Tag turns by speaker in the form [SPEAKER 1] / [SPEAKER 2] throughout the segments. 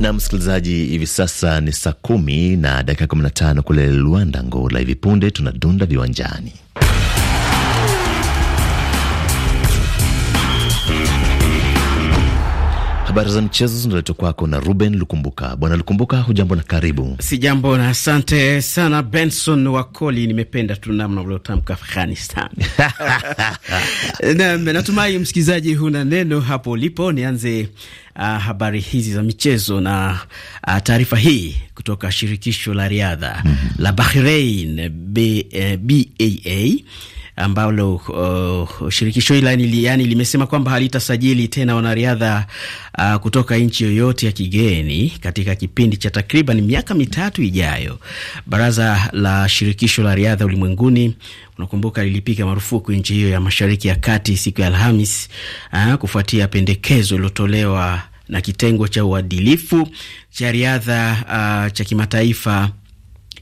[SPEAKER 1] Na msikilizaji, hivi sasa ni saa kumi na dakika 15 kule Luanda, Ngola. Hivi punde tunadunda viwanjani Habari za michezo zinaletwa kwako na Ruben Lukumbuka. Bwana Lukumbuka, hujambo na karibu.
[SPEAKER 2] Si jambo na asante sana Benson Wakoli, nimependa tu namna uliotamka Afghanistan. Naam, natumai msikilizaji huna neno hapo ulipo. Nianze uh, habari hizi za michezo na uh, taarifa hii kutoka shirikisho la riadha mm -hmm. la Bahrain BAA eh, ambalo uh, shirikisho hili yani, yani limesema kwamba halitasajili tena wanariadha uh, kutoka nchi yoyote ya kigeni katika kipindi cha takriban miaka mitatu ijayo. Baraza la shirikisho la riadha ulimwenguni, unakumbuka, lilipiga marufuku nchi hiyo ya Mashariki ya Kati siku ya Alhamis uh, kufuatia pendekezo lilotolewa na kitengo cha uadilifu cha riadha uh, cha kimataifa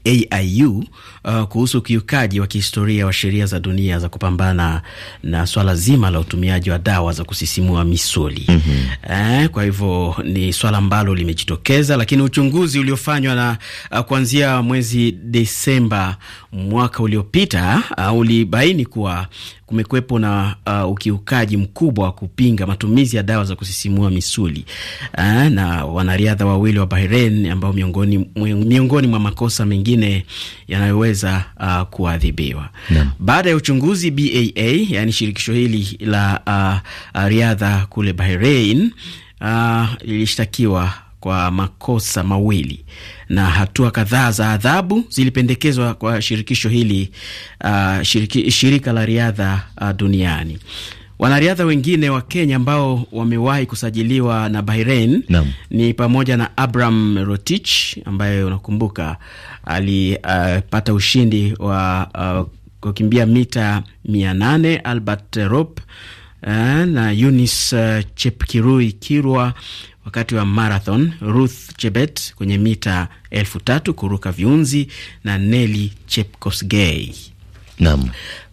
[SPEAKER 2] AIU uh, kuhusu ukiukaji wa kihistoria wa sheria za dunia za kupambana na swala zima la utumiaji wa dawa za kusisimua misuli. mm -hmm. Eh, kwa hivyo ni swala ambalo limejitokeza, lakini uchunguzi uliofanywa na uh, kuanzia mwezi Desemba mwaka uliopita uh, ulibaini kuwa kumekuwepo na uh, ukiukaji mkubwa wa kupinga matumizi ya dawa za kusisimua misuli uh, na wanariadha wawili wa Bahrain ambao miongoni, miongoni mwa makosa mengine yanayoweza uh, kuadhibiwa yeah. Baada ya uchunguzi BAA, yani shirikisho hili la uh, uh, riadha kule Bahrain uh, lilishtakiwa kwa makosa mawili na hatua kadhaa za adhabu zilipendekezwa kwa shirikisho hili uh, shiriki, shirika la riadha uh, duniani. Wanariadha wengine wa Kenya ambao wamewahi kusajiliwa na Bahrain ni pamoja na Abram Rotich ambaye unakumbuka alipata uh, ushindi wa uh, kukimbia mita 8 Albert Rop uh, na Eunice uh, Chepkirui Kirwa wakati wa marathon, Ruth Chebet kwenye mita elfu tatu kuruka viunzi na Neli Chepkosgei. Naam,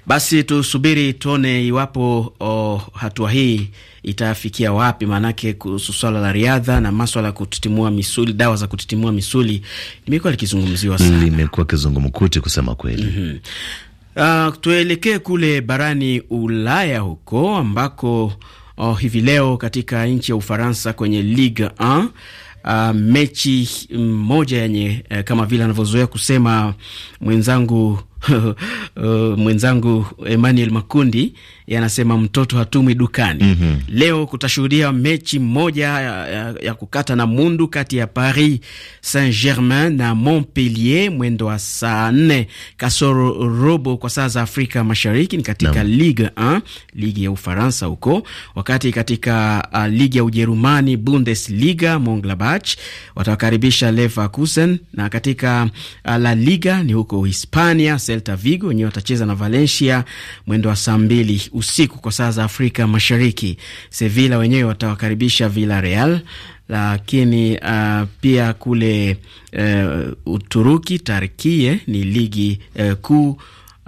[SPEAKER 2] basi tusubiri tuone iwapo oh, hatua hii itafikia wapi, maanake kuhusu swala la riadha na maswala ya kutitimua misuli, dawa za kutitimua misuli limekuwa likizungumziwa
[SPEAKER 1] sana, limekuwa kizungumkuti kusema kweli. mm -hmm.
[SPEAKER 2] Uh, tuelekee kule barani Ulaya huko ambako oh, hivi leo katika nchi ya Ufaransa kwenye Ligue 1 Uh, mechi moja yenye uh, kama vile anavyozoea kusema mwenzangu Eh, mwenzangu Emmanuel Makundi anasema mtoto hatumwi dukani. mm -hmm. Leo kutashuhudia mechi moja ya, ya, ya kukata na mundu kati ya Paris Saint Germain na Montpellier mwendo wa saa nne kasoro robo kwa saa za Afrika Mashariki. Ni katika no. Ligue 1 ligi ya Ufaransa huko, wakati katika uh, ligi ya Ujerumani Bundesliga Monglabach watawakaribisha Leverkusen na katika uh, La Liga ni huko Hispania Celta Vigo, wenyewe watacheza na Valencia mwendo wa saa mbili usiku kwa saa za Afrika Mashariki. Sevilla wenyewe watawakaribisha Villarreal lakini uh, pia kule uh, Uturuki Tarkie ni ligi uh, kuu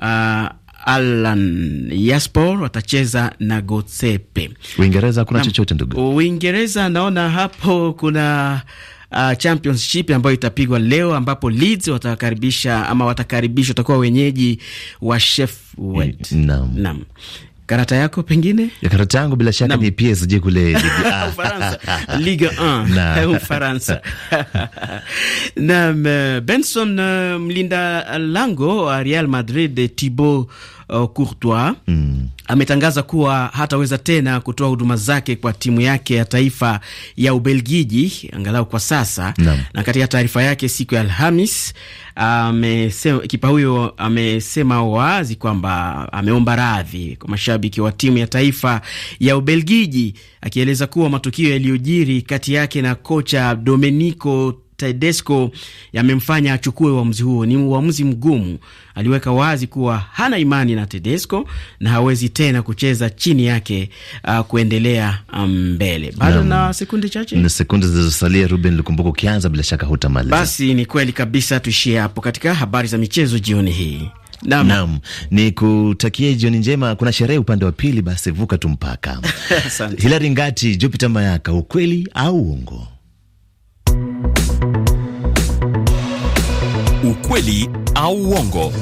[SPEAKER 2] uh, Alan Yaspor watacheza na Gotsepe. Uingereza kuna chochote ndugu? Uingereza naona hapo kuna uh, Championship ambayo itapigwa leo, ambapo Leeds watakaribisha ama watakaribisha, watakuwa wenyeji wa Sheffield.
[SPEAKER 1] Mm, naam, naam. Karata yako pengine ya karata yangu bila shaka ni PSG kule Ligue 1.
[SPEAKER 2] Ligue 1 Na. Faransa. Naam, eh, Benson, eh, mlinda lango wa Real Madrid eh, Thibaut uh, Courtois mm. ametangaza kuwa hataweza tena kutoa huduma zake kwa timu yake ya taifa ya Ubelgiji angalau kwa sasa na Na katika taarifa yake siku ya Alhamis kipa huyo amesema wazi kwamba ameomba radhi kwa mashabiki wa timu ya taifa ya Ubelgiji, akieleza kuwa matukio yaliyojiri kati yake na kocha Domenico Tedesco yamemfanya achukue uamuzi huo. Ni uamuzi mgumu. Aliweka wazi kuwa hana imani na Tedesco na hawezi tena kucheza chini yake uh, kuendelea um, mbele. Bado na sekunde chache, na sekunde
[SPEAKER 1] zilizosalia, Ruben Lukumbuka, ukianza bila shaka hutamaliza. Basi
[SPEAKER 2] ni kweli kabisa, tuishie hapo katika habari za
[SPEAKER 1] michezo jioni hii. Naam. Naam, ni kutakie jioni njema. Kuna sherehe upande wa pili, basi vuka tu mpaka. Hilari Ngati, Jupiter Mayaka, ukweli au uongo? ukweli
[SPEAKER 3] au uongo.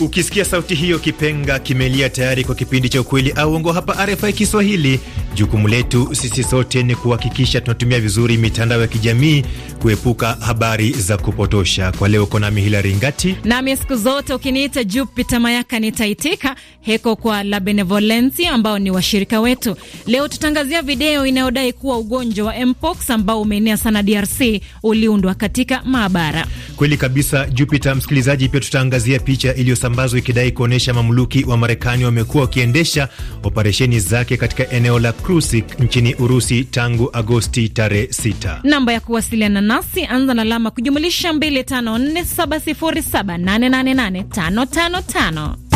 [SPEAKER 3] Ukisikia sauti hiyo, kipenga kimelia tayari kwa kipindi cha ukweli au uongo hapa RFI Kiswahili. Jukumu letu sisi sote ni kuhakikisha tunatumia vizuri mitandao ya kijamii kuepuka habari za kupotosha. Kwa leo uko nami Hilari Ngati,
[SPEAKER 4] nami siku zote ukiniita Jupita Mayaka nitaitika. Heko kwa La Benevolensi ambao ni washirika wetu. Leo tutangazia video inayodai kuwa ugonjwa wa mpox ambao umeenea sana DRC uliundwa katika maabara.
[SPEAKER 3] Kweli kabisa Jupita msikilizaji, pia tutaangazia picha iliyosambazwa ikidai kuonyesha mamluki wa Marekani wamekuwa wakiendesha operesheni zake katika eneo la Krusik nchini Urusi tangu Agosti tarehe 6.
[SPEAKER 4] Namba ya kuwasiliana nasi anza na alama kujumulisha 254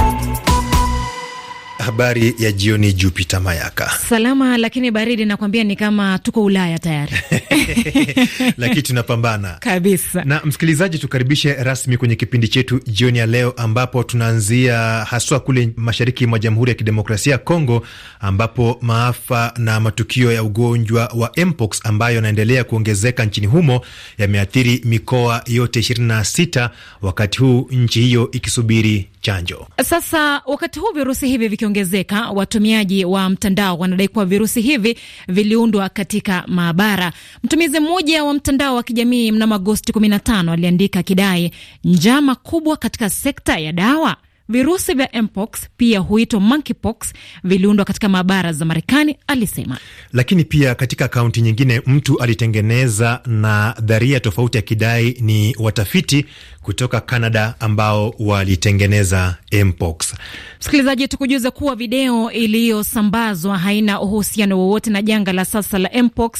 [SPEAKER 3] Habari ya jioni, Jupita Mayaka.
[SPEAKER 4] Salama, lakini baridi nakwambia, ni kama tuko Ulaya tayari
[SPEAKER 3] lakini tunapambana
[SPEAKER 4] kabisa. Na
[SPEAKER 3] msikilizaji, tukaribishe rasmi kwenye kipindi chetu jioni ya leo, ambapo tunaanzia haswa kule mashariki mwa Jamhuri ya Kidemokrasia ya Kongo, ambapo maafa na matukio ya ugonjwa wa mpox ambayo yanaendelea kuongezeka nchini humo yameathiri mikoa yote 26 wakati huu nchi hiyo ikisubiri chanjo.
[SPEAKER 4] Sasa wakati huu virusi hivi vikiongezeka, watumiaji wa mtandao wanadai kuwa virusi hivi viliundwa katika maabara. Mtumizi mmoja wa mtandao wa kijamii mnamo Agosti 15 aliandika kidai njama kubwa katika sekta ya dawa. Virusi vya mpox pia huitwa monkeypox viliundwa katika maabara za Marekani, alisema.
[SPEAKER 3] Lakini pia katika akaunti nyingine, mtu alitengeneza na dharia tofauti akidai ni watafiti kutoka Canada ambao walitengeneza mpox.
[SPEAKER 4] Msikilizaji, tukujuza kuwa video iliyosambazwa haina uhusiano wowote na janga la sasa la mpox.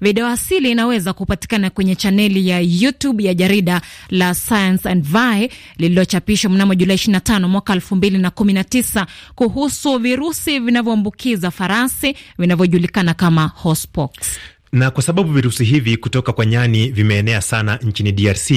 [SPEAKER 4] Video asili inaweza kupatikana kwenye chaneli ya YouTube ya jarida la Science and Vi lililochapishwa mnamo Julai 25 mwaka 2019 kuhusu virusi vinavyoambukiza farasi vinavyojulikana kama horsepox.
[SPEAKER 3] Na kwa sababu virusi hivi kutoka kwa nyani vimeenea sana nchini DRC,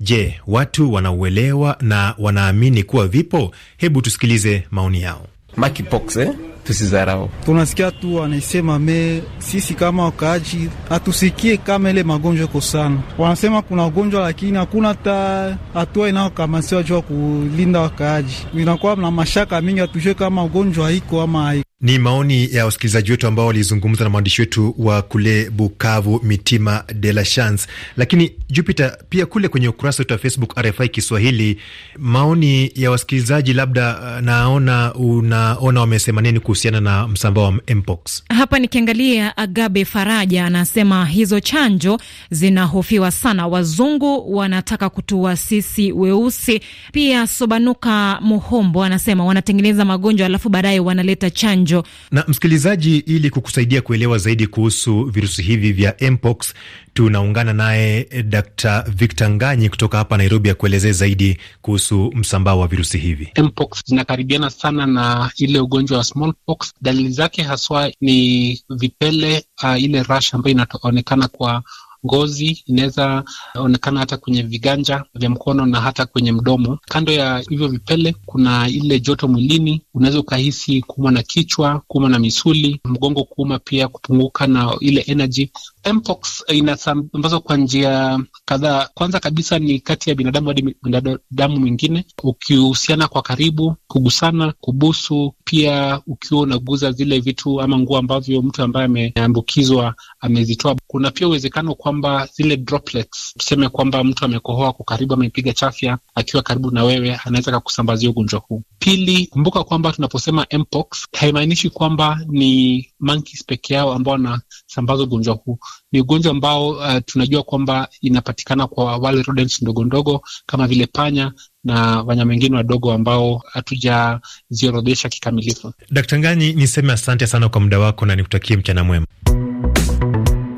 [SPEAKER 3] je, watu wanauelewa na wanaamini kuwa vipo? Hebu tusikilize maoni yao. Monkeypox, eh? Tusizarau,
[SPEAKER 2] tunasikia tu wanasema me, sisi kama wakaaji hatusikie kama ile magonjwa iko sana. Wanasema kuna ugonjwa, lakini hakuna hata hatua inayokamasiwa jua kulinda wakaaji. Inakuwa na mashaka mingi,
[SPEAKER 3] hatujue kama ugonjwa iko ama haiko. Ni maoni ya wasikilizaji wetu ambao walizungumza na mwandishi wetu wa kule Bukavu, Mitima de la Chance. Lakini Jupiter, pia kule kwenye ukurasa wetu wa Facebook RFI Kiswahili, maoni ya wasikilizaji, labda uh, naona unaona wamesema nini kuhusiana na msambao wa mpox.
[SPEAKER 4] Hapa nikiangalia, Agabe Faraja anasema hizo chanjo zinahofiwa sana, wazungu wanataka kutua sisi weusi. Pia Sobanuka Muhombo anasema wanatengeneza magonjwa alafu baadaye wanaleta chanjo chanjo.
[SPEAKER 3] Na msikilizaji, ili kukusaidia kuelewa zaidi kuhusu virusi hivi vya mpox, tunaungana naye eh, Dr. Victor Nganyi kutoka hapa Nairobi akuelezee zaidi kuhusu msambao wa virusi hivi.
[SPEAKER 5] Mpox zinakaribiana sana na ile ugonjwa wa smallpox. Dalili zake haswa ni vipele, uh, ile rash ambayo inaonekana kwa ngozi, inaweza onekana hata kwenye viganja vya mkono na hata kwenye mdomo. Kando ya hivyo vipele, kuna ile joto mwilini, unaweza ukahisi kuuma na kichwa, kuuma na misuli, mgongo kuuma, pia kupunguka na ile energy Mpox inasambazwa kwa njia kadhaa. Kwanza kabisa ni kati ya binadamu hadi binadamu mwingine, ukihusiana kwa karibu, kugusana, kubusu, pia ukiwa unaguza zile vitu ama nguo ambavyo mtu ambaye ameambukizwa amezitoa. Kuna pia uwezekano kwamba zile droplets, tuseme kwamba mtu amekohoa kwa karibu, amepiga chafya akiwa karibu na wewe, anaweza kakusambazia ugonjwa huu. Pili, kumbuka kwamba tunaposema Mpox haimaanishi kwamba ni monkeys peke yao ambao wanasambaza ugonjwa huu. Ni ugonjwa ambao uh, tunajua kwamba inapatikana kwa wale rodents ndogo ndogo kama vile panya na wanyama wengine wadogo ambao hatujaziorodhesha kikamilifu.
[SPEAKER 3] Dkt. Ngani, niseme asante sana kwa muda wako na nikutakie mchana mwema.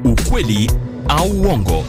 [SPEAKER 3] Ukweli au uongo?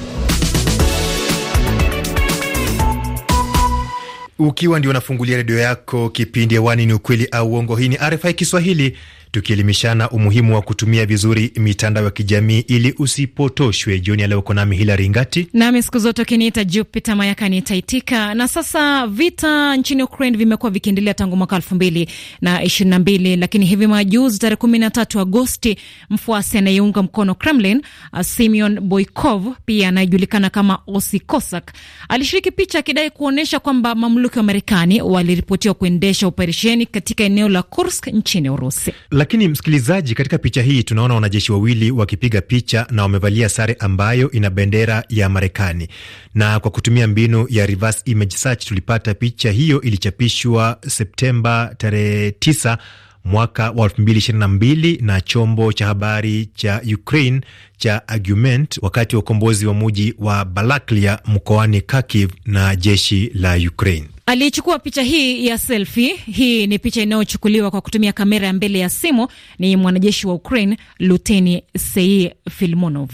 [SPEAKER 3] Ukiwa ndio unafungulia redio yako, kipindi hewani ni ukweli au uongo. Hii ni RFI Kiswahili tukielimishana umuhimu wa kutumia vizuri mitandao ya kijamii ili usipotoshwe. Jioni ya leo uko nami Hilari Ngati,
[SPEAKER 4] nami siku zote ukiniita Jupita Mayaka nitaitika. Na sasa vita nchini Ukraine vimekuwa vikiendelea tangu mwaka elfu mbili na ishirini na mbili, lakini hivi majuzi tarehe kumi na tatu Agosti mfuasi anayeunga mkono Kremlin uh, Simeon Boykov pia anayejulikana kama Osi Kosak alishiriki picha akidai kuonyesha kwamba mamluki wa Marekani waliripotiwa kuendesha operesheni katika eneo la Kursk nchini Urusi.
[SPEAKER 3] Lakini msikilizaji, katika picha hii tunaona wanajeshi wawili wakipiga picha na wamevalia sare ambayo ina bendera ya Marekani, na kwa kutumia mbinu ya reverse image search tulipata picha hiyo, ilichapishwa Septemba tarehe 9 mwaka wa 2022 na chombo cha habari cha Ukraine cha Argument wakati wa ukombozi wa muji wa Balaklia mkoani Kharkiv na jeshi la Ukraine.
[SPEAKER 4] Aliyechukua picha hii ya selfi hii ni picha inayochukuliwa kwa kutumia kamera ya mbele ya simu, ni mwanajeshi wa Ukraine Luteni Sei Filmonov.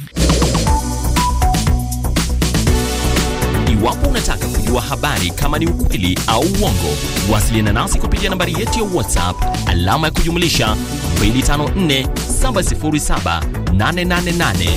[SPEAKER 1] habari kama ni ukweli au uongo. Wasiliana nasi kupitia nambari yetu ya WhatsApp alama ya kujumlisha 254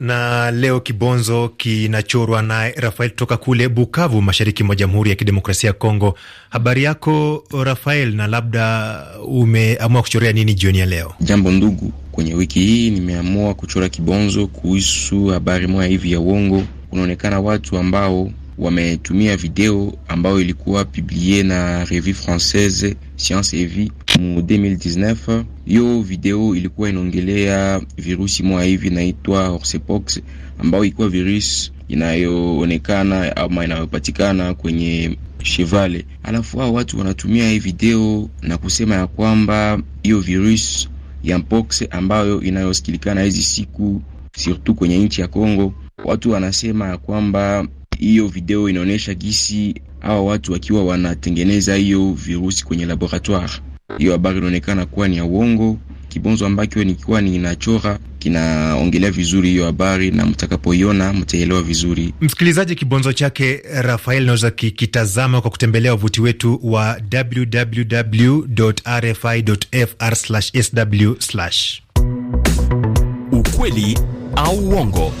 [SPEAKER 1] na leo
[SPEAKER 3] kibonzo kinachorwa na Rafael kutoka kule Bukavu, mashariki mwa Jamhuri ya Kidemokrasia ya Kongo. Habari yako Rafael, na labda umeamua kuchorea nini jioni ya leo?
[SPEAKER 2] Jambo ndugu, Kwenye wiki hii nimeamua kuchora kibonzo kuhusu habari moja hivi ya uongo. Kunaonekana watu ambao wametumia video ambayo ilikuwa publie na Revue Francaise Science et Vie mu 2019. Hiyo video ilikuwa inaongelea virusi moja hivi inaitwa horsepox, ambayo ilikuwa virusi inayoonekana ama inayopatikana kwenye chevale. Alafu hao watu wanatumia hii video na kusema ya kwamba hiyo virusi ya mpox ambayo inayosikilikana hizi siku surtout kwenye nchi ya Kongo. Watu wanasema ya kwamba hiyo video inaonyesha gisi hawa watu wakiwa wanatengeneza hiyo virusi kwenye laboratoire. Hiyo habari inaonekana kuwa ni ya uongo, kibonzo ambacho nikiwa ninachora kinaongelea vizuri hiyo habari, na mtakapoiona mtaelewa vizuri.
[SPEAKER 3] Msikilizaji, kibonzo chake Rafael naweza kikitazama kwa kutembelea wavuti wetu wa www.rfi.fr/sw. Ukweli au uongo?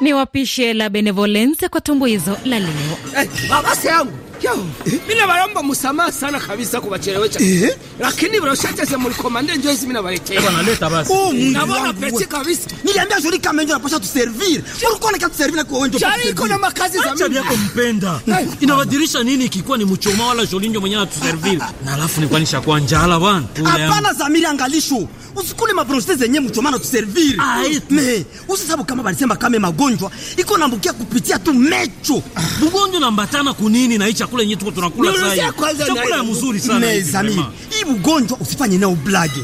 [SPEAKER 4] Ni wapishe la Benevolence kwa tumbuizo la leo. Hey,
[SPEAKER 6] baba yangu Eh? Mina baromba musamaha sana kabisa kubachelewesha. Eh? Lakini barashateza muri komande ndio hizi mina baletea. Eh, bwana leta basi. Oh, eh, naona pete kabisa. Niliambia Zuri kama ndio anapaswa tuservire. Ulikuwa na kazi servina kwa wengine. Jari iko na makazi za mimi. yako mpenda. Inawadirisha nini ikiwa ni mchoma wala Joli ndio mwenyewe atuservire. Na alafu ni kwanisha kwa njala bwana. Hapana Zamiri angalisho usikule maproste zenye mtu amana tuservire me usisabu kama balisema kame magonjwa iko nambukia kupitia tu mecho bugonjwa nambatana kunini na hii chakula yenye tuko tunakula sasa ya mzuri sana me zamiri hii bugonjwa usifanye nao blage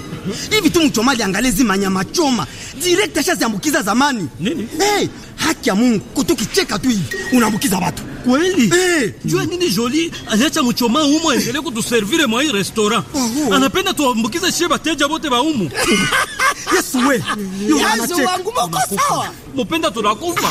[SPEAKER 6] hivi tu mtu amali angalie zimanyama choma direct ashaziambukiza zamani nini hey, haki ya Mungu kutukicheka tu hivi unaambukiza watu kweli hey. Eh. Eh, jua nini Joli aliacha mchoma umo aendelee kutuservire mwa hii restaurant oh. Anapenda tuambukize shie bateja bote ba umo Yesu we Yesu wangu moko sawa Mupenda tunakufa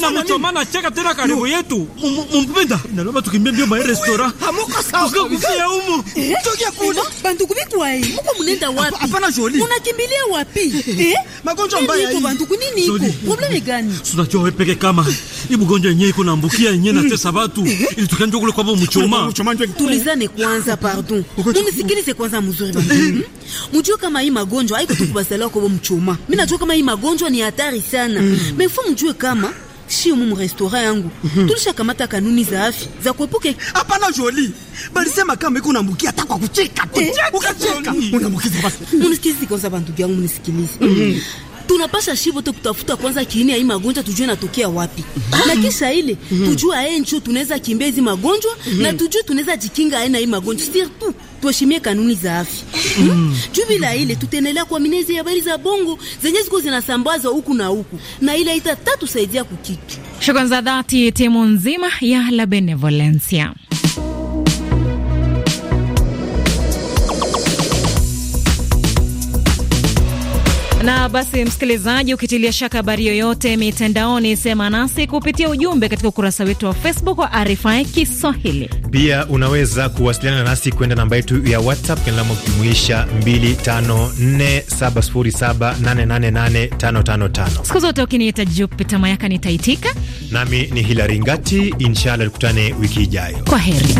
[SPEAKER 6] na mchoma na cheka tena karibu yetu Mupenda Inalomba tukimbia mbio mwa hii restaurant Hamoko sawa Kusika kusia umo eh? Tukia kuna Bantu kubikuwa hii Muko munenda wapi Hapana Joli Munakimbilia wapi Eh Magonjwa mbaya hii Bantu kunini iko Probleme gani Sunajua wepeke kama Ibu gonjwa yenyewe iko naambukia yenyewe na mm tulize sabatu ili tukaenda kule kwamba mchoma. Tulizane kwanza, pardon, munisikilize kwanza mzuri baba. Eh. Hmm? Mjua kama hii magonjwa haiko tukubasalia kwa mchoma. Mimi najua kama hii magonjwa ni hatari sana, mefu hmm. mjue kama Sio mumu restaurant yangu. Mm -hmm. Tulishakamata kanuni za afya za kuepuka. Hapana Jolie. Balisema kama iko nambukia hata kwa kucheka. Eh. Ukacheka. Unambukiza basi. Munisikilize kwanza bantu yangu munisikilize. Hmm tunapasha shivo te kutafuta kwanza kiini ya hii magonjwa, tujue natokea wapi mhm. na kisha ile mhm. tujue ae ncho tunaweza kimbia hizi magonjwa mhm. na tujue tunaweza jikinga ae na hii magonjwa surtout tuheshimie kanuni za afya mm. juu bila ile tutaendelea kuamini hizi habari za bongo zenye ziko zinasambazwa huku na huku, na ile tatusaidia kukitu.
[SPEAKER 4] Shukrani za dhati timu nzima ya La Benevolencia. Na basi, msikilizaji, ukitilia shaka habari yoyote mitandaoni, sema nasi kupitia ujumbe katika ukurasa wetu wa Facebook wa RFI Kiswahili.
[SPEAKER 3] Pia unaweza kuwasiliana nasi kwenda namba yetu ya WhatsApp alama kujumuisha 254707888555.
[SPEAKER 4] Siku zote ukiniita Jupita Mayaka nitaitika,
[SPEAKER 3] nami ni Hilari Ngati. Inshallah, tukutane wiki ijayo.
[SPEAKER 4] Kwa heri.